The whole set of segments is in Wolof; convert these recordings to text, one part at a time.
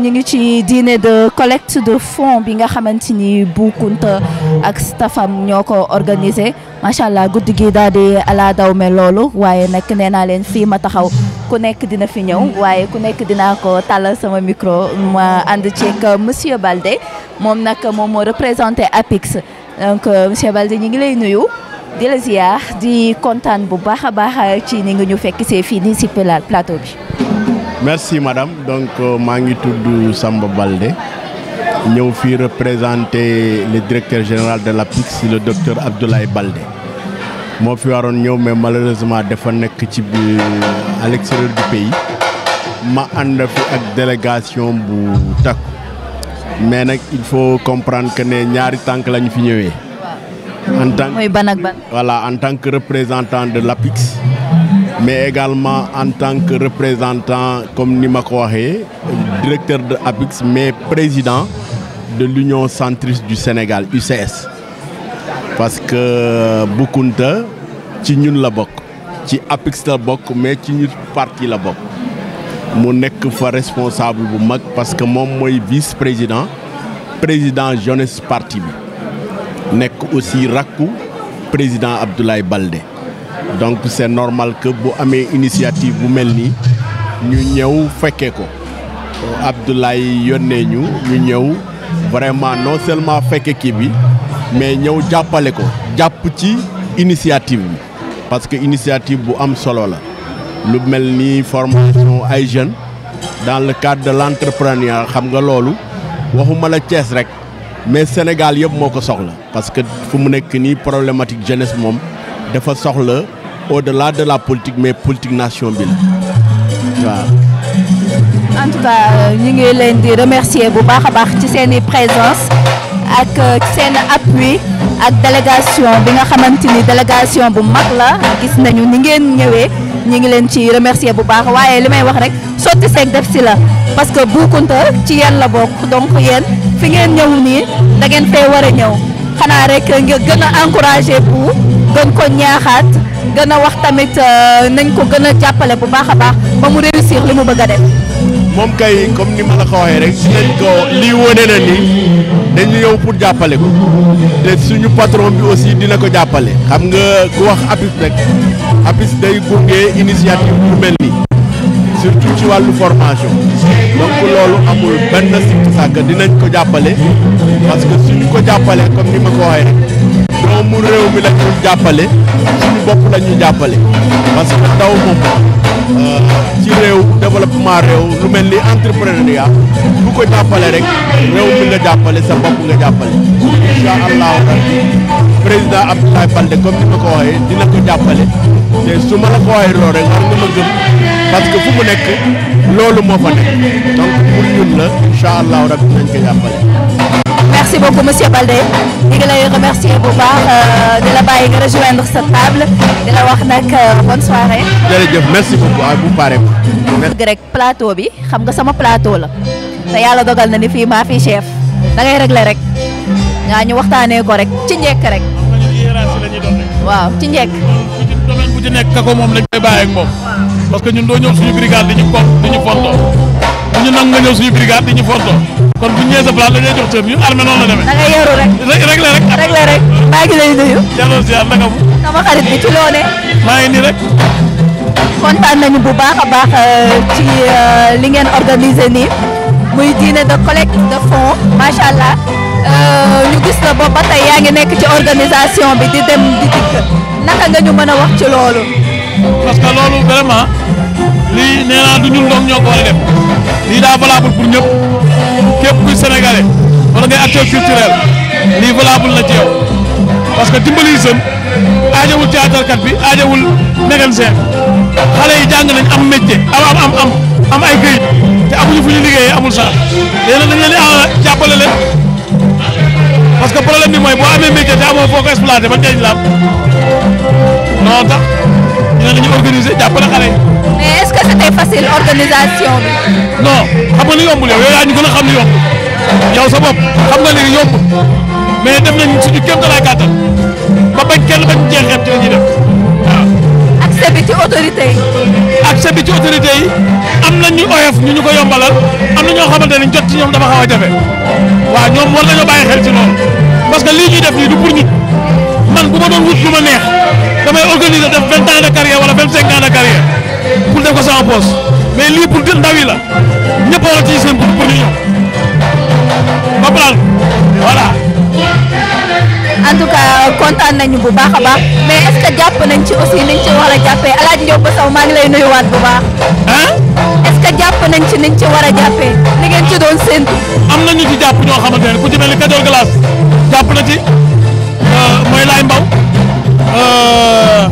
ñu ngi ci diine de collecte de fond bi nga xamante ni Bou Kounta ak stafam ñoo ko organisé macha allah guddi gi daal di ala me loolu waaye nag nee naa leen fii ma taxaw ku nekk dina fi ñëw waaye ku nekk dinaa ko tàllal sama micro ma ànd ceeg monsieur Balde moom nag moom moo représenté APIX donc euh, monsieur Balde ñu ngi lay nuyu di la ziar di kontaan bu baax a baax ci ni nga ñu fekk see fii nii si plateau bi. merci madame donc je euh, suis Samba Baldé je suis représenter le directeur général de PIX, le docteur Abdoulaye Baldé Je suis venu mais malheureusement je suis à l'extérieur du pays Je suis en délégation bu TAC, mais il faut comprendre que nous ñaari en tant que nous ban en tant que représentant de l'APIX mais également en tant que représentant comme Nima directeur de mais président de l'union centriste du Sénégal UCS parce que de ci ñun la bok, APIX la bok, mais ci ñun parti la responsable parce que je suis vice président président jeunesse parti Je suis aussi Rakou, président Abdoulaye Baldé donc c'est normal que bu amé initiative bu nous ñu ñew fekkee ko Abdoulaye yónnee ñu ñu ñëw vraiment non seulement fekke ki bi mais ñew jappalé ko japp ci initiative bi parce que initiative bu am solo la lu melni formation ay jeunes dans le cadre de l'entrepreneuriat xam nga vous waxuma la Thiès rek mais Sénégal yeb moko soxla parce que fu mu nekk une problématique jeunesse mom dafa soxla au-delà de la politique mais politique nation bi en tout cas euh, ñu ngi leen di remercier bu baax a baax ci seen i présence ak euh, seen appui ak délégation bi nga xamante ni délégation bu mag la gis nañu ni ngeen ñëwee ñu ngi leen ci remercier bu baax waaye li wax rek sotti seeg def si parce que Bou Kounta ci yéen la bokk donc yéen fi ngeen ñëw nii da ngeen fee war a ñëw xanaa rek nga gën encourager pour. gën ko ñaaxaat gën a wax tamit euh, nañ ko gën a jàppale bu baax a baax ba mu réussir li mu bëgg a def. moom kay comme ni ma la ko waxee rek dinañ ko lii wane na ni dañu ñëw pour jàppale ko te suñu patron bi aussi dina ko jàppale. xam nga ku wax APIX rek APIX day gunge initiative bu mel nii surtout ci wàllu formation donc loolu amul benn sikk sàkk dinañ ko jàppale parce que suñu ko jàppale comme ni ma ko waxee rek. doomu réew mi la ñu jàppale suñu bopp la ñu jàppale parce ndaw moom euh, ci réew développement réew lu mel ni entrepreneuriat bu ko jàppale rek réew mi nga jàppale sa bopp nga jàppale incha allahu rabbi président Abdoulaye Baldé comme ni ko waxee dina ko jàppale te su ma la ko waxee loolu rek nga ma gëm parce que fu mu nekk loolu moo fa nekk donc pour ñun la incha allahu rabbi dinañ ko jàppale merci beaucoup monsieur Baldé ñu ngi lay remercier bu baax euh, di bàyyi nga rejoindre sa table di wax nag euh, bonne soirée. jërëjëf merci beaucoup ak ah, bu pare ma. rek plateau bi xam nga sama plateau la te yàlla dogal na ni fii maa fi chef da ngay rek nga ñu waxtaanee ko rek ci njëkk rek. waaw ci njëkk. domaine bu moom lañ bàyyi ak moom. ñun doo ñëw suñu brigade di ñu ko di ñu fontoo ñu nang nga ñew suñu brigade di ñu forto kon bu ñëwee sa place la jox tëm ñu armée non la démé da ngay yoru rek rek la rek rek la rek maa gi lay nuyu. jàllal ziar naka bu sama xarit bi ci loone. maa ngi ni rek. contane nañu bu baaxa baax euh, ci euh, li ngeen organiser ni muy dîner de collecte de fonds ma sha allah euh ñu gis na bo ba tey yaa nekk ci organisation bi di dem di dik naka nga ñu mëna wax ci loolu. parce que loolu vraiment li neena du ñun dong ñoko wara def li da valable pour ñep kep ku sénégalais wala ngay acteur culturel li valable la ci yow parce que dimbali jeune théâtre kat bi aajawul mécanicien xalé yi jang nañ am métier am am am am am ay këyit té amuñu fuñu liggéey amul sax leena dañ leen di jàppale leen parce que problème bi moy bo amé métier te amoo foo ko ba tay la non tax ñu organiser jappalé xalé yi mais est-ce que c'était facile organisation bi. non xam nga li yombul yow yaa ñu gën a xam li yombul yow sa bopp xam na li yombul mais def nañ suñu kéem talaay gàttal ba bañ kenn bañ jeexeet ci li ñuy def waaw. accès ci autorité yi. am nañ ñu ñu ñu ko yombalal am na ñoo xamante ne jot ci ñoom dafa xaw a jafe waaw ñoom war nañoo bàyyi xel ci loolu parce que lii ñuy def nii du pour nit man bu ma doon wut lu ma neex. damay organiser def 20 ans de carrière wala 25 ans de carrière pour def ko sama poche mais li pour gën ndaw yi la ñepp wala ci sen pour ñu ñëw comprendre voilà. en tout cas kontaan nañu bu baax baax mais est ce que japp nañ ci aussi nañ ci war jappé jàppee El Hadj Ndiop Sow ngi lay nuyuwaat bu baax. est ce que japp nañ ci nañ ci wara jappé li ngeen ci doon sen am ñu ci japp ñoo xamantene ku ci melni cadeau Glace na ci euh, moy lay Mbaw. Euh,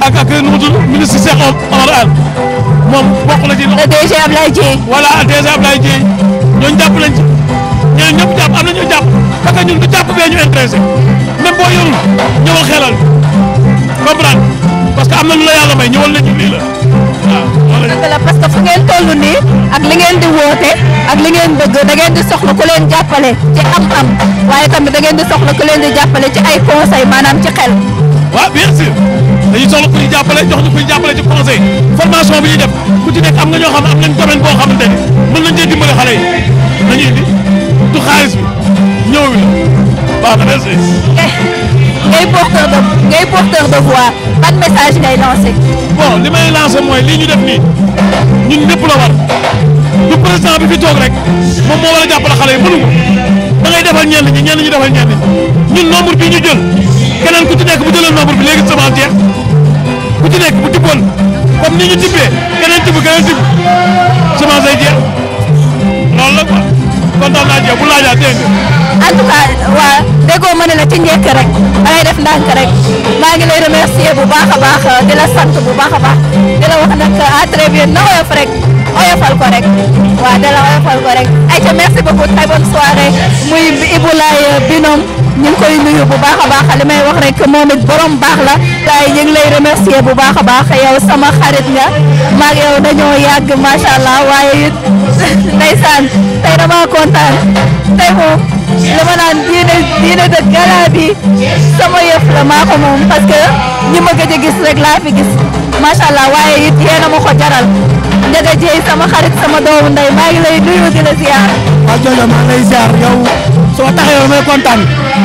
ak ak nu si tudd ministre Cheikh Omar Anne moom bokk na ci. DG Ablaye Dieng. voilà DG Ablaye Dieng ñooñu jàpp nañ na ñu jàpp parce que ñun du jàpp bee ñu intéressé même boo yorul xelal comprendre parce que am na lu la yàlla may ñëwal nañu lii la waaw. dëgg la parce que ak li ngeen di woote ak li da ngeen di soxla ku leen jàppale ci am-am waaye tamit da di soxla di jàppale ci ay conseil maanaam ci xel. waaw bien sûr dañuy soxla ku ñu jàppale jox ñu ku ñu jàppale ci conseil formation bi ñuy def ku ci nekk am nga ne am nañ domaine boo xamante ni mën nañ cee dimbale xale yi nañu indi du xaalis bi ñëw wi la waaw eh, message ngay lancé. bon li may lancé mooy lii ñu def nii ñun ñëpp la war du président bi fi toog rek moom moo war a jàppale xale yi mënu ko da ngay defal ñenn ñi ñenn ñi defal ñenn ñi ñun nombre bi ñu jël. keneen ku ci nekk bu jëloon nombre bi léegi semence jeex ku ci bu tibboon comme ni ñu tibbee keneen tibb keneen tibb semence day jeex la quoi kontaan naa bu laajaat dégg nga. en waa déggoo ma ne la ci rek da ngay def ndànk rek maa ngi lay remercier bu baax baax di la sant bu baax baax di la wax nag à très bien oyof rek. oyofal ko rek waaw dala oyofal ko rek ayca merci beaucoup très bonne soirée muy Ibou Laye Binom ñu ngi koy nuyu bu baax a baax li may wax rek moom it borom baax la waaye ñu lay remercier bu baax a baax yow sama xarit nga maag yow dañoo yàgg macha allah waaye it ndeysaan tey dama kontaan tey moom li ma naan diine diine de gala bi sama yëf la maa ko moom parce que ñi ma gëj a gis rek laa fi gis macha allah waaye it yéen a ko jaral Ndiaga Dièye sama xarit sama doomu ndey maa ngi lay nuyu di la ziar. waaw Jojo maa lay ziar yow soo taxee yow may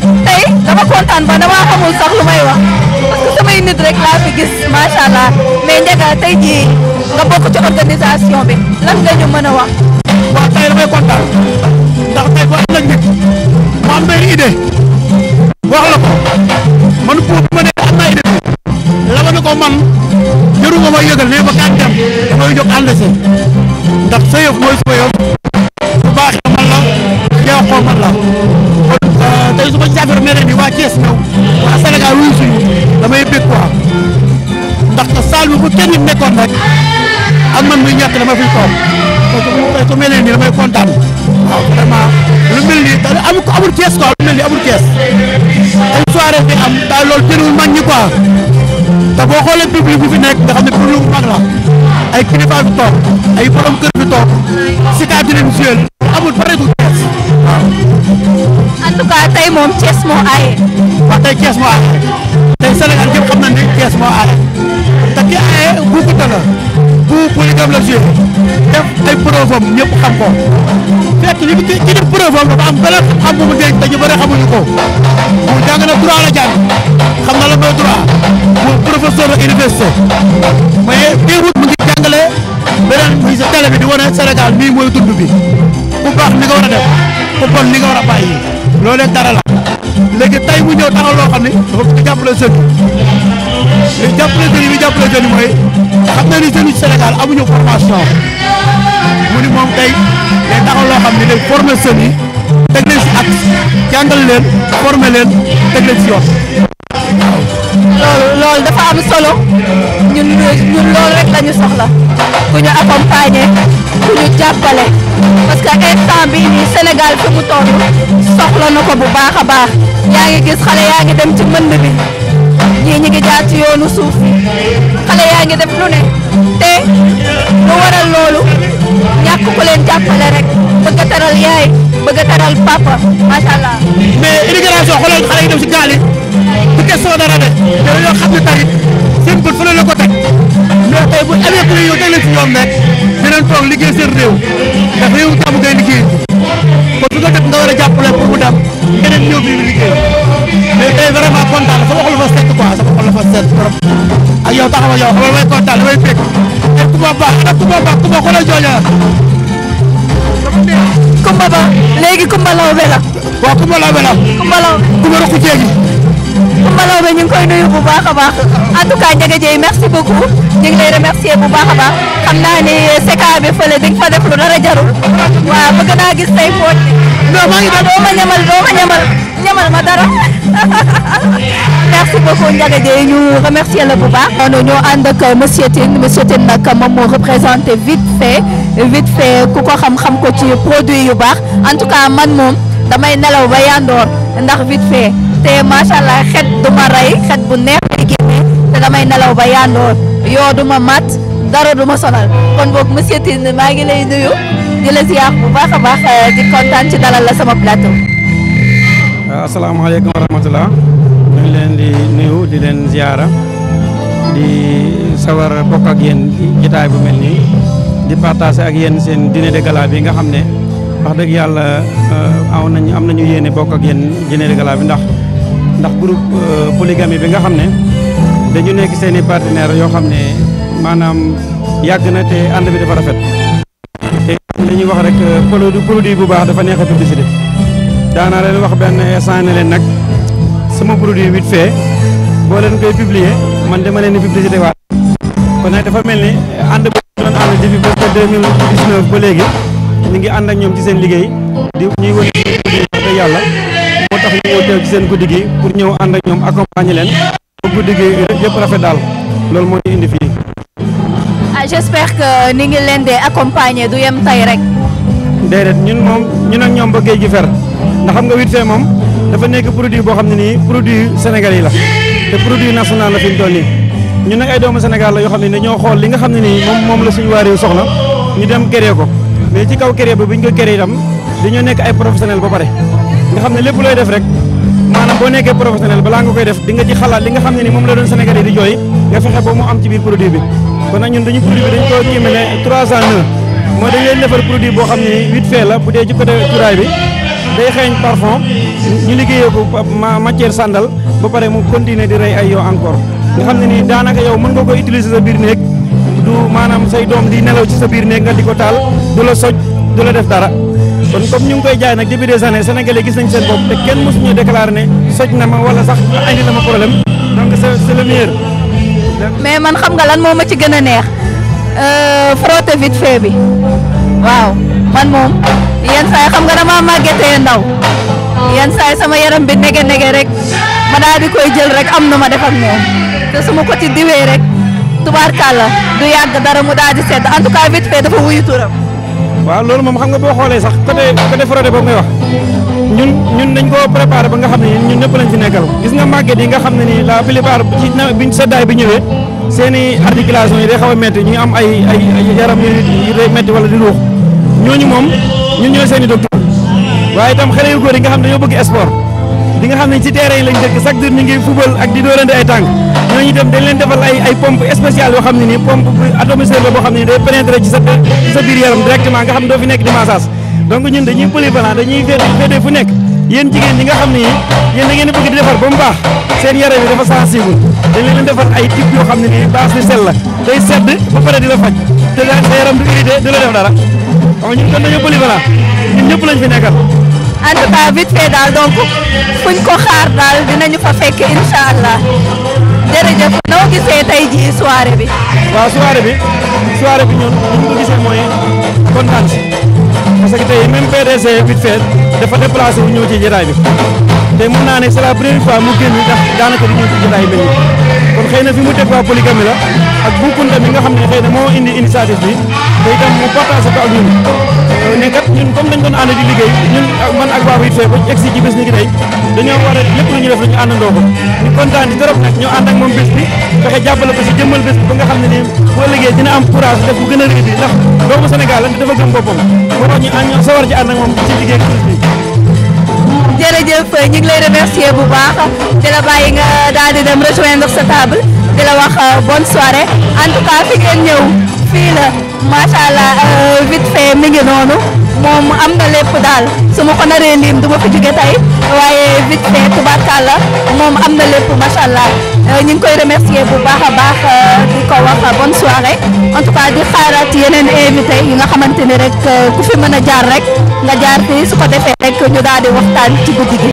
tey dama kontaan ba dama xamul sax lu may wax parce que samay nit rek tey jii nga bokk ci organisation bi lan nga ñu mën a wax. waaw tey damay kontaan ndax tey boo am nag nit mu am benn wax la ko man pour ma ne am naa idée la ma ne ko man jëru ma yëgal ne ma kaay dem dafay jóg ànd si ndax sa yëf Thiès kaw waa Sénégal wuyu si damay bég quoi ndaxte saal bi bu kenn nit nekkoon rek ak man muy ñàkk dama fiy toog parce que bu ma ko mel nii damay kontaan waaw vraiment lu mel nii daal amul ko amul Thiès quoi lu mel nii amul am daal loolu tënul mag ñi quoi te boo xoolee public bi nekk nga ay kilifa fi ay borom kër fi toog si kàddu leen amul pareegul Thiès. waaw. en tout cas tey moom Thiès moo aaye. wax tey Thiès moo aaye. tey Sénégal yëpp xam nañ ne Thiès moo aaye. te ki aaye bu Fouta la. bu polygame la joué. def ay preuve am ñëpp xam ko. xam bu mu dégg te ñu bëri ko. mu jàng na droit la jàng. xam na la mooy droit. mu professeur la université. mais déroute mu ngi jàngale beneen muy sa télé bi wane Sénégal mii mooy dund bi. ku baax ni nga war a def ku bon ni nga war a mu ñëw taxaw loo xam ne dafa jàppale seen li na ni seenu Sénégal amuñu formation mu ni moom tey day taxaw loo xam ne leen si leen former leen yoon. loolu loolu dafa am solo ñun ñun rek la soxla ku ñu accompagner ku ñu jàppale parce que instant bii Sénégal fi mu toll soxla na bu baax a baax yaa ngi gis xale yaa ngi dem ci mbënd bi ñii ñi ngi jaar ci yoonu suuf xale yaa ngi dem lu ne te lu waral loolu ñàkk ku leen jàppale rek bëgg taral yaay bëgg taral papa macha allah. mais irrigation xoolal xale yi dem si gaal yi. du question dara de te dañoo xam ne tamit seen bët fële la ko teg mais tey bu amee ku ne yow teg leen si ñoom rek dinañ toog liggéey seen réew ndax réew jàmm ngay liggéey kon fi nga teg nga war a jàppale pour mu dem keneen ñëw bi liggéey mais tey vraiment kontaan sama xol fa set quoi sama xol fa set trop ak yow taxaw ak yow xamal may kontaan damay fekk te ku ma baax ak ku ma baax ku ma xoolee jooja Kumba ba léegi Kumba Lawbe la. waaw Kumba Lawbe la. Kumba Lawbe. Kumba Ruxu Jéegi. Coumba Lawbe ñu ngi koy nuyu bu baax a baax en tout cas Ndiaga Dièye merci beaucoup ñu ngi lay remercier bu baax a naa ni seka bi fële di nga def lu dara jarul waaw bëgg naa gis tey pooj bi doo ma ñamal doo ñu remercier la bu baax noonu ñoo ànd ak ma Tine monsieur Tine nag moom moo représenté vite fait vite fait ku ko xam-xam ko ci produit yu baax en tout cas man moom damay nelaw ba yandoor ndax vite fait te masala khat duma rey xet bu neex lay génne te damay nelaw ba yandoor yo duma mat dara duma sonal kon bok monsieur Tine maa ngi lay nuyu di la ziar bu baax di kontan ci dalal la sama plateau Assalamualaikum wa rahmatullah ngi len di nuyu di len ziara di sawar bok ak yéen jitaay bu melni di partager ak yéen sen dine de gala bi nga xamne ne deug yalla euh aw nañu am nañu yéene bokk ak yéen dîner de gala bi ndax ndax groupe euh, polygamie bi nga xamne dañu nek seeni partenaire yo xamne manam yag na te and bi dafa rafet te dañuy wax rek euh, produit produit bu baax dafa neex a publicité daanaa leen wax ben instant ne leen nag sama produit vite fait bo len koy publier man dama len publicité wa kon nag dafa melni and ànd bu doon ànd depuis ba 2019 ba léegi ñu ngi and ak ñom ci seen liggéey di ñuy wone ci yalla tax ñu ñëw ci seen guddigi pour ñëw and ak ñom accompagner len guddigi yépp rafet dal lool mo indi fi ah j'espère que ni ngi len dé accompagner du yem tay rek. déedéet ñun mom ñun ak ñom ba gey gi fer ndax xam nga huit fee mom dafa nekk produit bo xamni ni produit sénégalais la té produit national la fi mu ñun nak ay doomu Sénégal la yo xamni ne ni ñoo xool li nga xamni ni mom mom la suñu waré soxla ñu dem kéré ko mais ci kaw kéré ba bu ñu ko kéré itam dañu nekk ay professionnel ba paré xamne lepp loy def rek manam bo nekké professionnel balaa nga koy def di nga ci xalaat li nga xamne ni mom la doon sénégalais di joy nga fexé bo mu am ci biir produit bi kon nag ñun dañu produit bi dañ ko kiimé ne 309 mo dañ leen defal produit bo xamne 8 fee la bu dé ci côté touray bi day xéñ parfum ñu liggéey ko matière sandal ba paré mu continuer di ray ay yo encore nga xamne ni nii daanaka yow mën nga ko utiliser sa biir néeg du manam say dom di nelaw ci sa biir néeg nga diko tal du la soj du la def dara kon comme ñu ngi koy jaay nag bi des années sénégalais gis nañ seen bopp te kenn mosu ñu ne soj na ma wala sax indi na ma problème donc c' est le mais man xam nga lan moo ma ci gën a neex euh, frotte vite fait bi waaw xam nga dama màggetee ndaw yenn saa yi sama yaram bi nege nege rek ma daa di koy jël rek am na ma def ak moom te su ma ko ci diwee rek tubaarkàlla du yàgg dara mu daal di sedd en vite fait dafa wuyu waaw loolu moom xam nga boo xoolee sax côté côté fraude boobu ngay wax ñun ñun dañ koo préparé ba nga xam ne ñun ñëpp lañ ci nekkal gis nga màgget yi nga xam ne nii la plupart ci nawet bi seddaay bi ñëwee seen i articulation yi day xaw a métti ñu am ay ay yaram yu day métti wala di ruux ñooñu moom ñun ñooy seen i docteur waaye tam xale yu góor yi nga xam ne dañoo bëgg sport ñi nga xam ne ci terrain yi lañ ñu ngi football ak di doorante ay tànk ñooñu itam dañ leen defal ay ay pompe spéciale xam ne nii pompe bu atomiseur la boo xam ne nii day pénétrer ci sa ci sa biir yaram directement nga xam doo fi nekk di a bëgg di defar ba mu baax seen yaram yi dafa sensible dañ leen defar ay type yoo xam ne nii base bi sel la day sedd ba pare di la faj te sa yaram du def dara waaw ñun kon dañoo polyvalent ñun ñëpp lañ fi nekkal en tout cas vite fait daal donc fuñ ko xaar daal dinañu fa fekk incha allah jërëjëf noo gisee tey jii soirée bi. waaw soirée bi soirée bi ñun ñu ko gisee mooy kontaan si parce que tey même dafa déplacé wu ñëw ci jotaay bi te mun naa ne c'est la première fois mu génn daanaka du ñëw ci jotaay bi kon xëy fi mu teg waa polygamie la ak Bou Kounta mi nga xam ne xëy na moo indi initiative bi te itam mu partagé ko ak ñun. ne kat ñun comme di liggéey ñun man ak waa Witwe ba egsi ci bés ni ki tey dañoo war a di trop nag ñoo ànd ak moom bés bi fexe jàppale ko si jëmmal bés bi ba nga xam ne nii boo liggéey dina am courage def bu gën a rëy di la bàyyi nga daal di dem rejoindre sa table di la wax euh, bonne soirée en tout cas fi macha allah euh, vite fait mi noonu moom am na lépp daal su ma ko naree lim du ma fi jóge tey waaye vite fait tubaarkàlla moom am na lépp macha allah euh, ñu ngi koy remercier bu baax a baax euh, di ko wax bonne soirée en di xaaraat yeneen invité yi nga xamante ni rek ku fi mën a jaar rek nga jaar fi su ko defee rek ñu daal di waxtaan ci guddi gi.